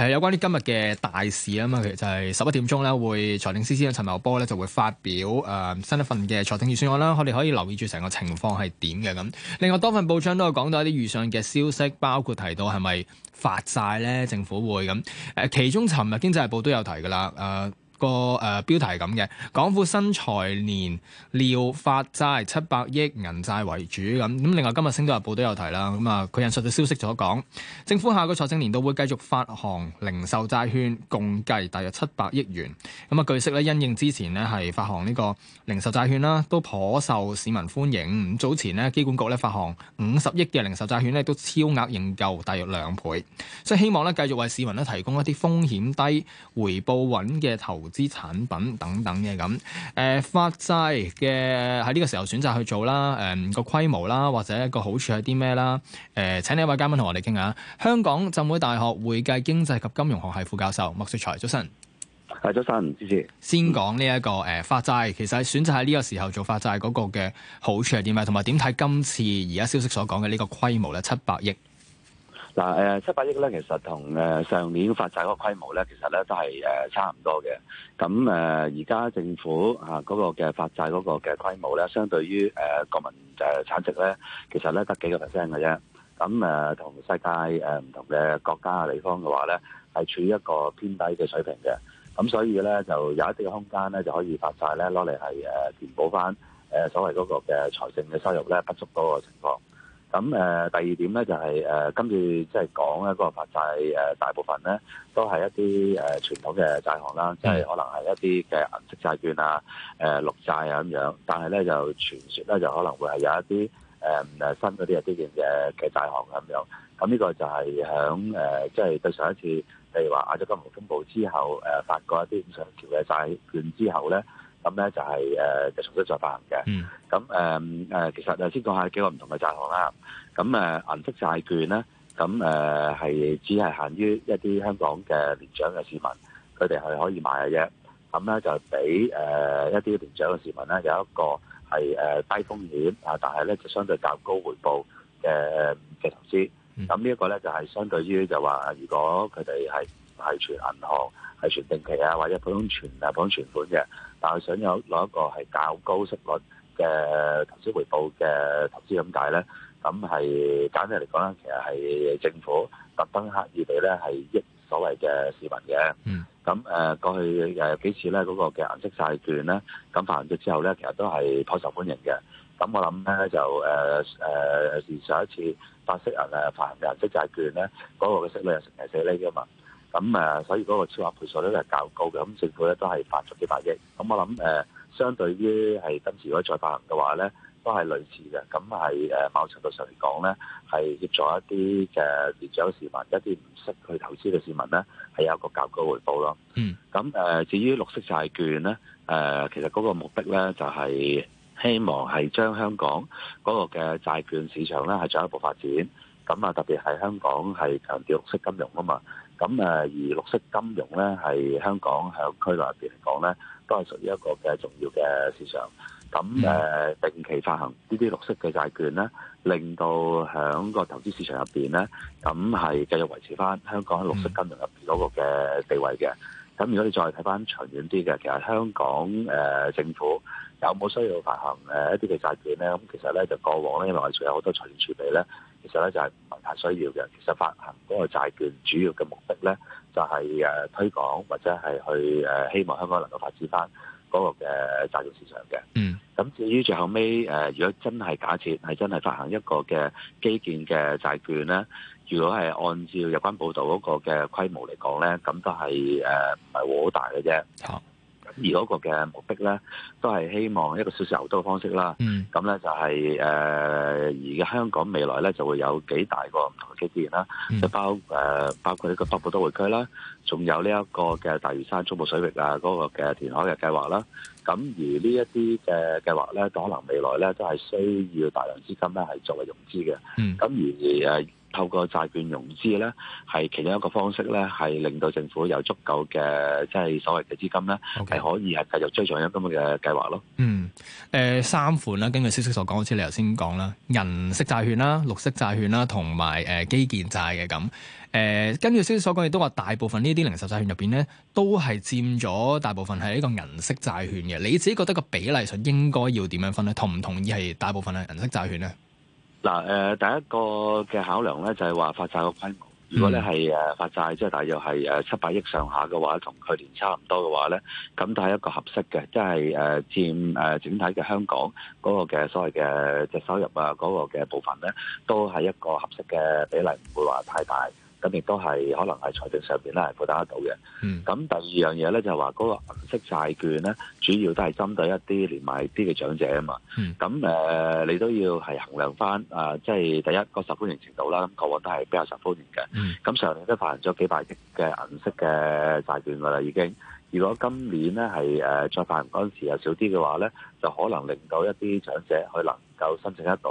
誒、呃、有關啲今日嘅大事啊嘛，其實就係十一點鐘咧，會財政司司長陳茂波咧就會發表誒、呃、新一份嘅財政預算案啦。我哋可以留意住成個情況係點嘅咁。另外多份報章都有講到一啲預算嘅消息，包括提到係咪發債咧，政府會咁誒、呃。其中尋日經濟日報都有提㗎喇，誒、呃。個誒、呃、標題咁嘅，港府新財年料發債七百億銀債為主咁。咁另外今日《星島日報》都有提啦。咁啊，佢引述嘅消息所講，政府下個財政年度會繼續發行零售債券，共計大約七百億元。咁啊，據悉咧，因應之前咧係發行呢個零售債券啦、啊，都頗受市民歡迎。咁早前咧，機管局咧發行五十億嘅零售債券咧，都超額認購大約兩倍，所以希望咧繼續為市民咧提供一啲風險低、回報穩嘅投資產品等等嘅咁，誒、呃，發債嘅喺呢個時候選擇去做啦，誒、呃，個規模啦，或者一個好處係啲咩啦？誒、呃，請呢一位嘉賓同我哋傾下，香港浸會大學會計經濟及金融學系副教授麥萃才，早晨。係早晨，主持。先講呢一個誒，發、呃、債其實選擇喺呢個時候做發債嗰個嘅好處係啲咩？同埋點睇今次而家消息所講嘅呢個規模咧，七百億。嗱誒、呃、七百億咧，其實同誒上年發債嗰個規模咧，其實咧都係誒、呃、差唔多嘅。咁誒而家政府呀嗰個嘅發債嗰個嘅規模咧，相對於誒、呃、國民誒產值咧，其實咧得幾個 percent 嘅啫。咁誒同世界誒唔同嘅國家嘅地方嘅話咧，係處於一個偏低嘅水平嘅。咁所以咧就有一定嘅空間咧，就可以發債咧攞嚟係誒填補翻誒所謂嗰個嘅財政嘅收入咧不足嗰個情況。咁誒第二點咧就係誒今次即係講呢個發債誒，大部分咧都係一啲誒傳統嘅債項啦，即、就、係、是、可能係一啲嘅銀色債券啊、誒、呃、綠債啊咁樣。但係咧就傳説咧就可能會係有一啲誒誒新嗰啲嘅啲嘅嘅債項咁樣。咁呢個就係響誒即係對上一次例如話亞洲金融風暴之後誒、呃、發過一啲五隧一橋嘅債券之後咧。咁咧就係誒重新再發行嘅，咁誒誒其實頭先講下幾個唔同嘅債項啦。咁、嗯、誒銀色債券咧，咁誒係只係限於一啲香港嘅年長嘅市民，佢哋係可以買嘅啫。咁、嗯、咧就俾誒一啲年長嘅市民咧有一個係誒低風險啊，但係咧就相對較高回報嘅嘅投資。咁、嗯、呢一個咧就係、是、相對於就話，如果佢哋係。係存銀行、係存定期啊，或者普通存啊、普通存款嘅，但係想有攞一個係較高息率嘅投資回報嘅投資咁解咧，咁係簡單嚟講咧，其實係政府特登刻意地咧係益所謂嘅市民嘅。咁誒、嗯、過去誒幾次咧嗰、那個嘅銀色債券咧，咁發行咗之後咧，其實都係頗受歡迎嘅。咁我諗咧就誒誒、呃呃、上一次發息銀嘅發行銀色債券咧，嗰、那個嘅息率係成零四厘嘅嘛。咁誒，所以嗰個超額倍數咧都係較高嘅，咁政府咧都係發咗幾百億。咁我諗誒、呃，相對於係今次如果再發行嘅話咧，都係類似嘅。咁係誒，某程度上嚟講咧，係協助一啲嘅年長市民、一啲唔識去投資嘅市民咧，係有個較高回報咯。嗯、mm. 咁、呃、誒，至於綠色債券咧，誒、呃，其實嗰個目的咧就係希望係將香港嗰個嘅債券市場咧係進一步發展。咁啊，特別係香港係強調綠色金融啊嘛。咁誒，而綠色金融咧，係香港喺區內入邊嚟講咧，都係屬於一個嘅重要嘅市場。咁誒、mm. 呃，定期發行呢啲綠色嘅債券咧，令到喺個投資市場入邊咧，咁係繼續維持翻香港喺綠色金融入邊嗰個嘅地位嘅。咁、mm. 如果你再睇翻長遠啲嘅，其實香港誒、呃、政府有冇需要發行誒一啲嘅債券咧？咁其實咧，就過往咧，因為仲有好多財政儲備咧。其實咧就係唔係太需要嘅。其實發行嗰個債券主要嘅目的咧，就係、是、誒、啊、推廣或者係去誒、啊、希望香港能夠發展翻嗰個嘅債券市場嘅。嗯。咁至於最後尾誒，如果真係假設係真係發行一個嘅基建嘅債券咧，如果係按照有關報道嗰個嘅規模嚟講咧，咁都係誒唔係好大嘅啫。嗯。而嗰個嘅目的咧，都係希望一個少少投資嘅方式啦。咁咧就係誒，而香港未來咧就會有幾大個唔同嘅基建啦，即係包誒包括呢個北部都會區啦，仲有呢一個嘅大嶼山中部水域啊，嗰個嘅填海嘅計劃啦。咁而呢一啲嘅計劃咧，都可能未來咧都係需要大量資金咧，係作為融資嘅。咁而誒。透過債券融資咧，係其中一個方式咧，係令到政府有足夠嘅即係所謂嘅資金咧，係 Okay. 可以係繼續追上一啲咁嘅計劃咯。嗯，誒、呃、三款啦，根據消息所講，好似你頭先講啦，銀色債券啦、綠色債券啦，同埋誒基建債嘅咁。誒、呃，根據消息所講，亦都話大部分呢啲零售債券入邊咧，都係佔咗大部分係呢個銀色債券嘅。你自己覺得個比例上應該要點樣分咧？同唔同意係大部分係銀色債券咧？嗱誒，第一個嘅考量咧就係話發債嘅規模，如果你係誒發債，即係大約係誒七百億上下嘅話，同去年差唔多嘅話咧，咁都係一個合適嘅，即係誒佔誒整體嘅香港嗰個嘅所謂嘅嘅收入啊嗰個嘅部分咧，都係一個合適嘅比例，唔會話太大。咁亦都係可能係財政上邊咧係負擔得到嘅。咁第二樣嘢咧就係話嗰個銀色債券咧，主要都係針對一啲年邁啲嘅長者啊嘛。咁誒，你都要係衡量翻啊，即係第一個受歡迎程度啦。咁過往都係比較受歡迎嘅。咁上年都發行咗幾百億嘅銀色嘅債券噶啦，已經。如果今年咧係誒再發行嗰陣時又少啲嘅話咧，就可能令到一啲長者佢能夠申請得到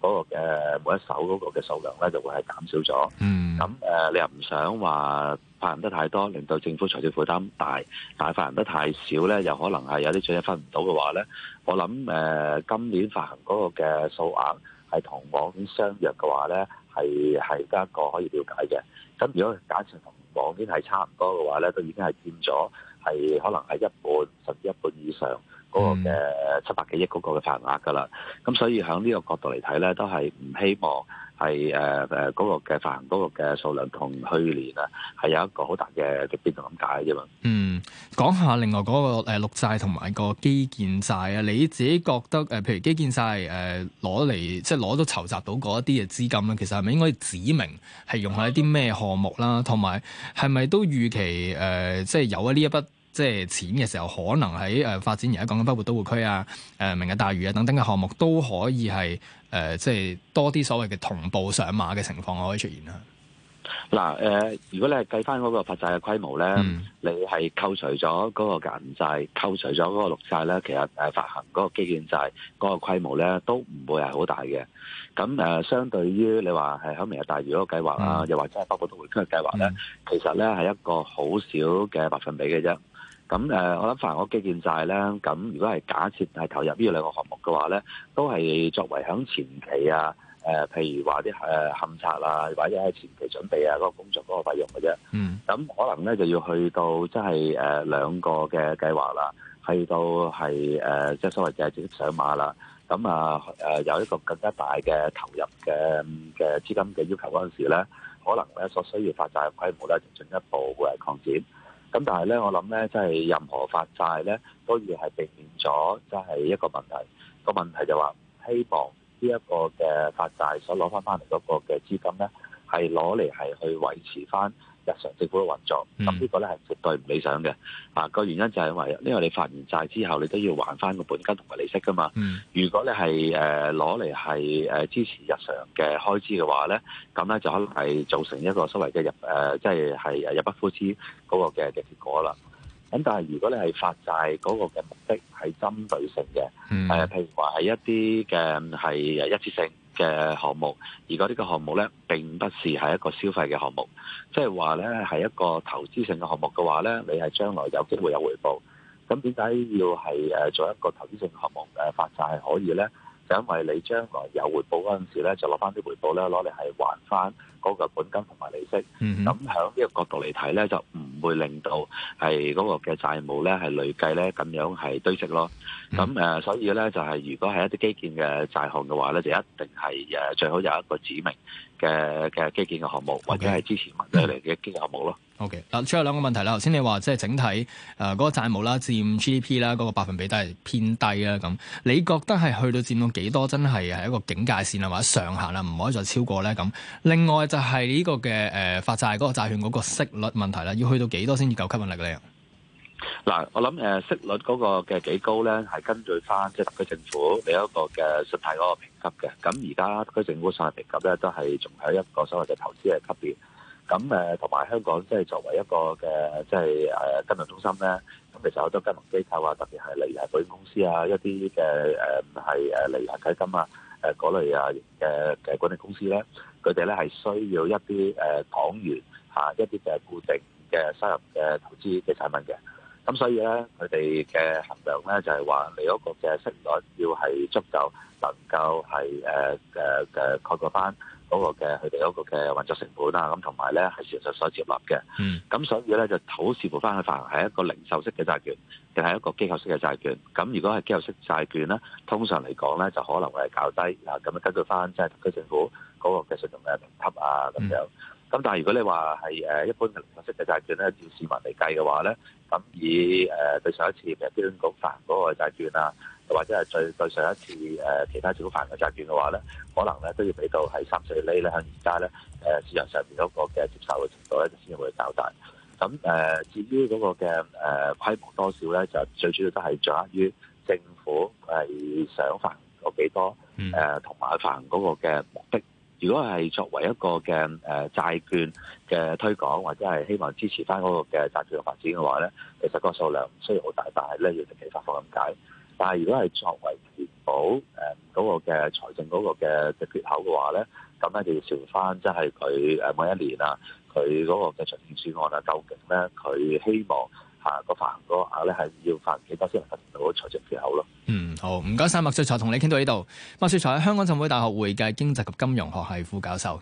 嗰個誒每一手嗰個嘅數量咧就會係減少咗。咁誒、 嗯，你又唔想話發行得太多，令到政府財政負擔大，但係發行得太少咧，又可能係有啲錢分唔到嘅話咧，我諗誒、呃，今年發行嗰個嘅數額係同往年相若嘅話咧，係係得一個可以了解嘅。咁如果假設同往年係差唔多嘅話咧，都已經係佔咗係可能係一半甚至一半以上嗰個嘅七百幾億嗰個嘅發行額噶啦。咁、嗯嗯、所以喺呢個角度嚟睇咧，都係唔希望。係誒誒嗰個嘅發行嗰個嘅數量同去年啊，係有一個好大嘅嘅變動咁解嘅啫嘛。嗯，講下另外嗰個誒綠債同埋個基建債啊，你自己覺得誒，譬如基建債誒攞嚟即係攞到籌集到嗰一啲嘅資金咧，其實係咪應該指明係用喺啲咩項目啦？同埋係咪都預期誒、呃，即係有咗呢一筆，即係錢嘅時候，可能喺誒發展而家講緊北部都會區啊、誒、呃、明日大嶼啊等等嘅項目都可以係誒、呃、即係多啲所謂嘅同步上馬嘅情況可以出現啦。嗱誒、呃呃，如果你係計翻嗰個發債嘅規模咧，嗯、你係扣除咗嗰個銀債、扣除咗嗰個綠債咧，其實誒發行嗰個基建債嗰個規模咧都唔會係好大嘅。咁誒、呃，相對於你話係喺明日大嶼嗰個計劃啊，嗯、又或者係北部都會區嘅計劃咧，嗯、其實咧係一個好少嘅百分比嘅啫。咁誒、呃，我諗凡我基建債咧，咁如果係假設係投入呢兩個項目嘅話咧，都係作為響前期啊，誒、呃，譬如話啲誒勘測啊，或者係前期準備啊嗰、那個工作嗰個費用嘅啫。嗯。咁可能咧就要去到即係誒兩個嘅計劃啦，去到係誒、呃、即係所謂嘅正式上馬啦。咁啊誒、呃、有一個更加大嘅投入嘅嘅、嗯、資金嘅要求嗰陣時咧，可能咧所需要發債嘅規模咧就進一步會係擴展。咁但係呢，我諗呢，即係任何發債呢，都要係避免咗，即係一個問題。個問題就話，希望呢一個嘅發債所攞返返嚟嗰個嘅資金呢，係攞嚟係去維持返，日常政府嘅運作，咁呢、嗯、個咧係絕對唔理想嘅。啊，個原因就係因為因為你發完債之後，你都要還翻個本金同埋利息噶嘛。嗯、如果你係誒攞嚟係誒支持日常嘅開支嘅話咧，咁咧就可能係造成一個所謂嘅、呃即係、入誒，即係係入不敷支嗰個嘅嘅結果啦。咁但係如果你係發債嗰個嘅目的係針對性嘅，誒、嗯呃、譬如話係一啲嘅係一次性嘅項目，而家呢個項目呢，並不是係一個消費嘅項目，即係話呢係一個投資性嘅項目嘅話呢，你係將來有機會有回報。咁點解要係誒做一個投資性嘅項目誒發債可以呢，就因為你將來有回報嗰陣時呢，就攞翻啲回報呢攞嚟係還翻嗰個本金同埋利息。咁響呢個角度嚟睇呢，就唔。唔會令到係嗰個嘅債務咧係累計咧咁樣係堆積咯，咁誒、嗯呃，所以咧就係、是，如果係一啲基建嘅債項嘅話咧，就一定係誒最好有一個指明嘅嘅基建嘅項目，或者係支持民對嚟嘅基建項目咯。Ok，嗱，最後兩個問題啦。頭先你話即係整體誒嗰、呃那個債務啦，佔 GDP 啦嗰個百分比都係偏低啦咁。你覺得係去到佔到幾多，真係係一個警戒線啊，或者上限啦，唔可以再超過咧咁？另外就係呢，這個嘅誒、呃、發債嗰、那個債券嗰個息率問題啦，要去到幾多先至夠吸引力嘅咧？嗱、呃，我諗誒、呃、息率嗰個嘅幾高咧，係根據翻即係特區政府你一個嘅信貸嗰個評級嘅。咁而家特區政府嘅評級咧，都係仲喺一個所謂嘅投資嘅級別。咁誒同埋香港即係作為一個嘅即係誒金融中心咧，咁其實好多金融機構啊，特別係例如係保險公司啊，一啲嘅誒係例如離岸基金啊，誒嗰類啊誒嘅管理公司咧，佢哋咧係需要一啲誒港元嚇一啲嘅固定嘅收入嘅投資嘅產品嘅，咁所以咧佢哋嘅衡量咧就係話你嗰個嘅息率要係足夠能夠係誒誒誒蓋過翻。嗰個嘅佢哋嗰個嘅運作成本啊，咁同埋咧係事實所接納嘅，咁、嗯、所以咧就睇視乎翻去，發行係一個零售式嘅債券定係一個機構式嘅債券。咁如果係機構式債券咧，通常嚟講咧就可能會係較低啊。咁啊根據翻即係特區政府嗰、嗰個嘅信用嘅評級啊，咁樣。嗯咁但係如果你話係誒一般嘅綠色嘅債券咧，照市民嚟計嘅話咧，咁以誒、呃、對上一次誒標準局發行嗰個債券啊，或者係對對上一次誒、呃、其他小發嘅債券嘅話咧，可能咧都要俾到係三四厘咧，喺而家咧誒市場上邊嗰個嘅接受嘅程度咧，先會較大。咁誒、呃、至於嗰個嘅誒、呃、規模多少咧，就最主要都係掌握於政府係想發有幾多，誒同埋發行嗰個嘅目的。如果係作為一個嘅誒、呃、債券嘅推廣，或者係希望支持翻嗰個嘅債券嘅發展嘅話咧，其實個數量唔需要好大，但係咧要定期發放咁解。但係如果係作為填補誒嗰個嘅財政嗰個嘅嘅缺口嘅話咧，咁咧就要睇翻即係佢誒每一年啊，佢嗰個嘅財政預算案啊，究竟咧佢希望。啊！個發行嗰個咧係要發行幾多先能發行到財政缺口咯。嗯，好，唔該晒。麥萃才，同你傾到呢度。麥萃才係香港浸會大學會計經濟及金融學系副教授。